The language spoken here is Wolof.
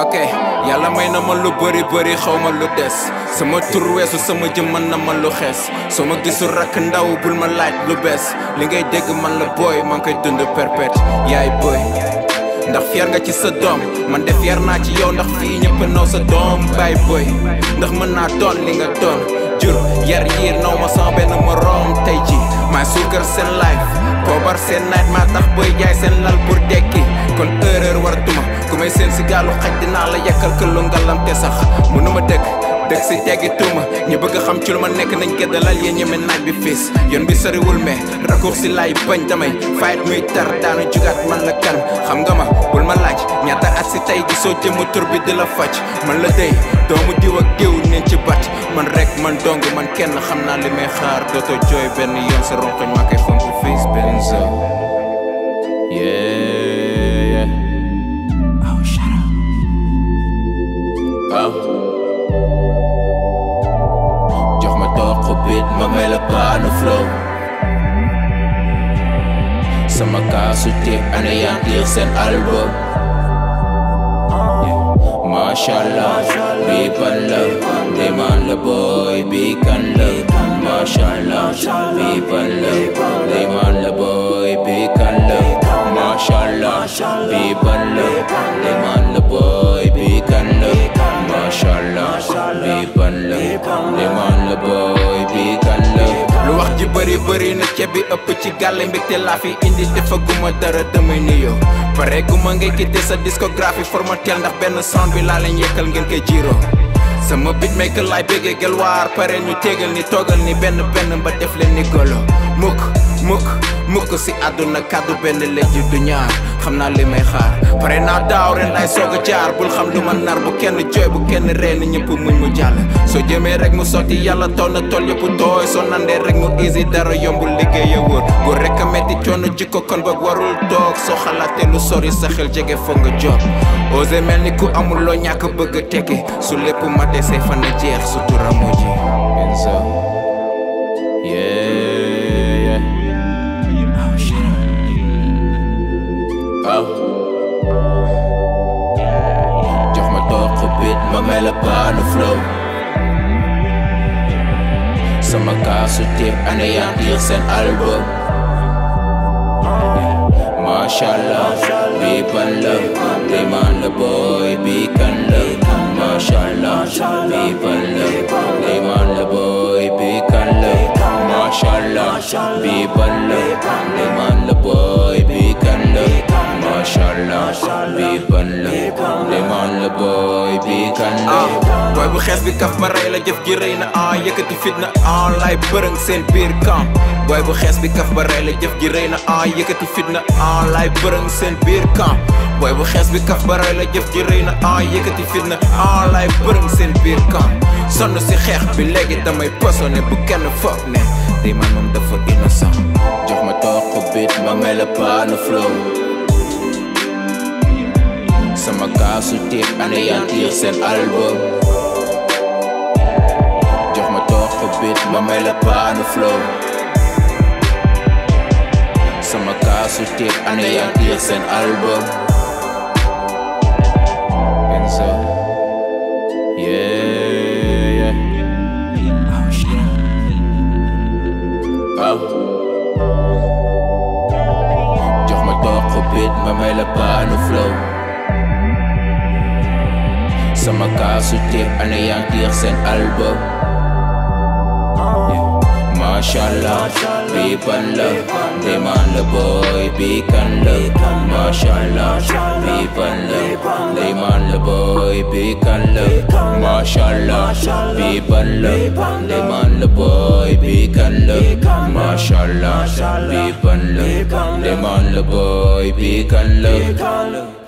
ok yàlla may na man lu bëri bëri xaw ma lu des sama tur weesu sama jëm man na man lu xees soo ma gisul rakk ndaw bul ma laaj lu bees li ngay dégg man la booy maa ngi koy dund perpète yaay booy ndax fier nga ci sa doom man def yar naa ci yow ndax fii ñëpp naw sa doom baay booy ndax mën naa doon li nga doon jur yar yiir naw ma sama benn moroom tey ci maa suukar seen life poobar seen night maa tax booy jaay seen lal pour dekki kon erreur wartuma ku may seen ci galu xaj dina la ke lu ngalam te sax mënuma dëkk dëkk ci tegi tuma ñu bëgg xam ci lu ma nekk nañ ye ñu mel naaj bi fess yoon bi me mais ci lay bañ damay fight muy tar daanu jugat man la kan xam nga ma bul ma laaj ñata at tur bi di la man la dey doomu diw ak géew ne ci bat man rek man dong man kenn xam li may xaar dootoo joy ben yoon sa ronkoñ maa koy yeah Mamela paano flow Sa magkasuti, ano yung lyrics and album Mashallah, big on love They man the boy, big on love Mashallah, big on love They man the boy, big on love Mashallah, big on love They man the boy, big on love Mashallah, big on love They man the boy, big bëri na ceeb bi ëpp ci gàlle mbégte laa fi indi defaguma dara damay nuyoo pareeguma ngay quitté sa discographie formatel ndax benn son bi laa leen yekkal ngeen koy jiiroo sama beatmaker laay béggee bigger geluar, pare ñu téegal ni toogal ni benn benn ba def leen ni golo mukk mukk mukk si àdduna kàddu benn léegi du ñaar xam naa li may xaar pare naa daaw ren lay soog jaar bul xam lu ma nar bu kenn jooy bu kenn reen ñëpp muñ mu jàll soo jëmee rek mu sotti yàlla taw na tool yëpp tooy soo rek mu easy dara yombul liggéey a wóor bu rek metti jikko kon ba warul toog soo xalaatee lu sori sa xel jege foog nga ku amul bëgg su te say fan na jeex sutura mujj Enzo yeah yeah oh shut oh, oh jox ma toog bit ma mel a baanu flow sama kaasu tiip anéantir seen album Mashallah, bi ban la, dey man la boy, bi kan la Inshallah, people xees bi kaf ma rey la jëf aan, rëy na ah yëkkati fitna ah lay bërëng seen biir camp booy bu bi kaf ma rey la jëf ji rëy na ah fitna ah lay bërëng seen biir camp booy bu xees bi kaf ma rey la jëf ji rëy na ah fitna ah lay bërëng seen biir camp sonn si xeex bi léegi damay posone bu kenn foog ne di man moom dafa innocent jox ma bit ma may la flow sama album Mamela pa on the floor Sama kaso tip ano yung ESN album And so Yeah, yeah Oh shit Oh Jox ma toog xubit mamela pa on the floor Sama kaso tip ano yung album mashallah People love, demand the boy, beacon love Mashallah, people love, demand the boy, beacon love Mashallah, people love, demand the boy, beacon love Mashallah, people love, demand the boy, beacon love